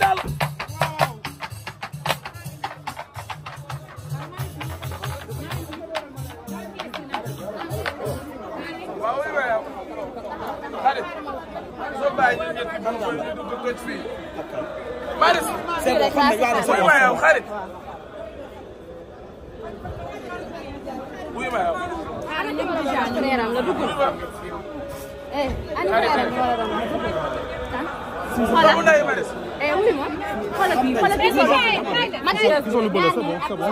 candidat eh, la Maris. wuy ma yow xarit. wuy ma yow. xarit. xoolal eh wuyu ma xoolal bii xoolal bii solo ma ci def solo bële c'est bon c'est bon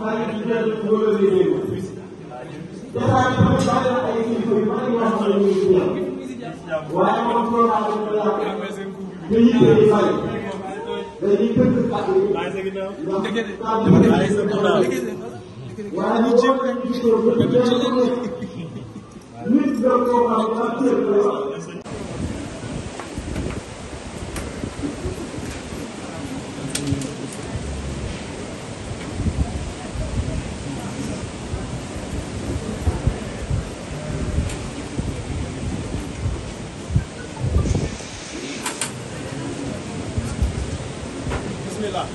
Thank you. jotaay bi xam nga baax ay kilifa yu bari yoo xam ne ñu ngi waaye moom programme bi ñu yàq ñu ñu koy fay dañuy tënk kàddu yi ndax kàddu yi ay sa tool waaye ñu jéem rek ñu ko nit doon koo xam ne bismillah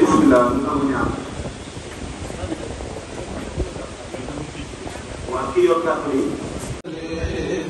bismillah mu nangu ñaan waa kii yor kàddu yi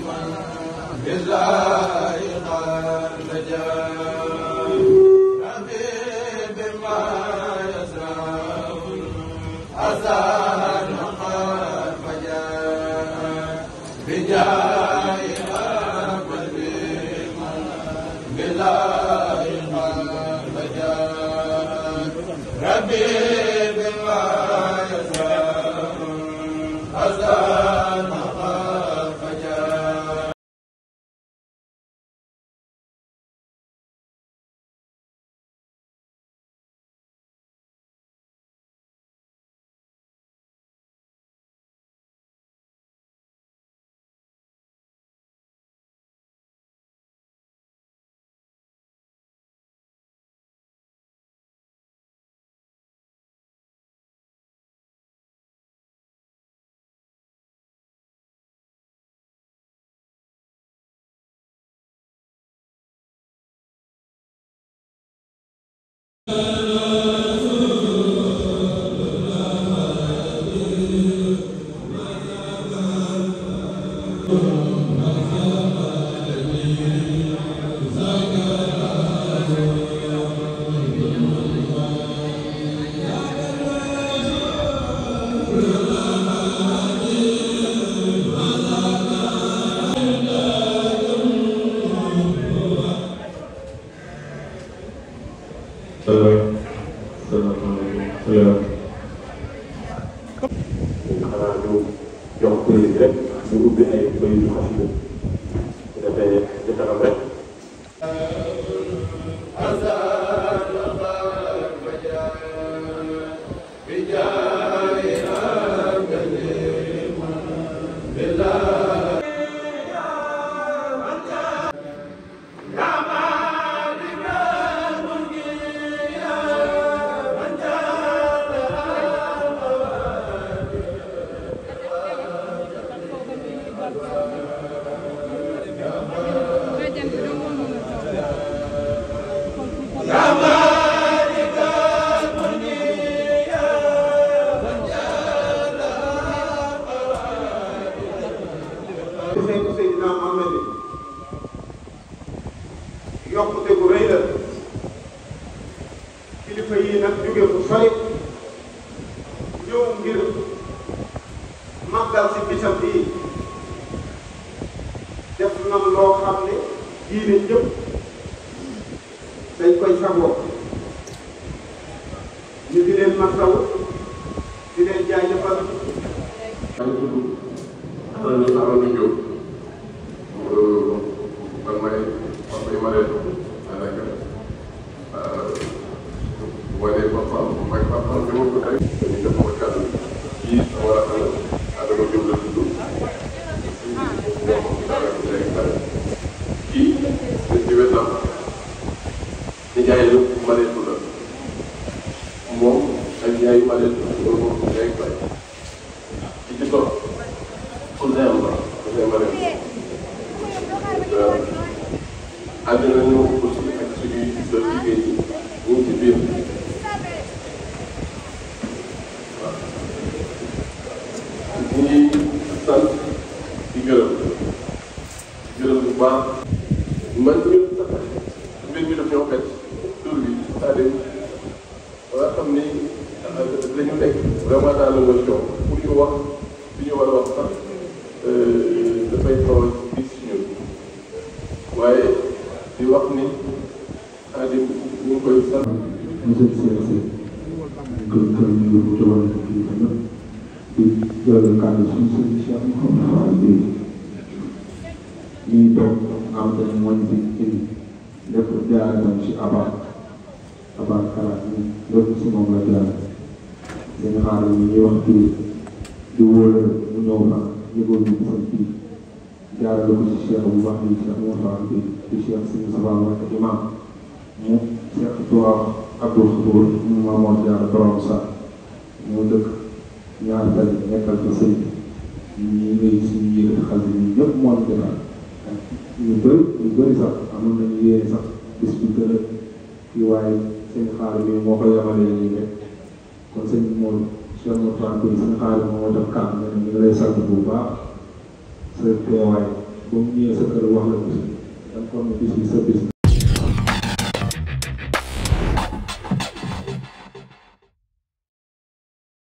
you salaam salaamaaleykum salaam. xanaa ñu jox kuréel rek ñu ubbi ay béy yu xasida yokkute gu rëy la kilifa yii nag jóge fu sori ñu di leen masaw di leen jaajëfal. maa ngi tudd Alioune Arona Diop man maay man maay ma leen daanaka wane papa mooy papa bi ma ko tey. day ma leen góorgóorlu day bay ci ci toog cousin la cousin ma leen àddina ñëw aussi ak suñuy doon liggéey yi ñu ngi ci biir waaw ñu ngi sant di gërëm di gërëm bu baax man ñun sax mbir mi daf ñoo xet tur bi c'est-à-dire wala xam ni la ñu nekk vraiment dans le wax ni ñu a wax sax euh, dafay xaw a gis ñun waaye wax ni xaaral ñu ngi koy sant. monsieur CNC kër kër kii bi nag di jël kàddu suñu bi xam nga waaw léegi ñuy toog am nañ mooy bi indi lépp jaar nañ ci abat abat kalaat si moom la ngeen xaaral ñu ñuy wax kii di wóor mu ñëw ah yëgoon ñu ko kii jaarale ko ci cheikh bu baax bi cheikh Moussa bi di cheikh suñu sa baax wàcc imam mu cheikh Touba Abdou Khafour mu maamoon jaar borom sa mu dëkk ñaar tali nekkal ko sëñ ñu ngi suñu yëkkati xel ñun ñëpp moo ñu defal ak ñu bëri ñu bëri sax amoon nañu yéene sax bis bu gën a kii waaye seen xaar bi moo ko yemalee nii rek. kon sëñ Mor sëñ Mor Fane Gueye sëñ xaalis moo jox kàddu nga ne ñu ngi lay sant bu baax sa teewaay ba mu wax la ko si da nga xam ne bis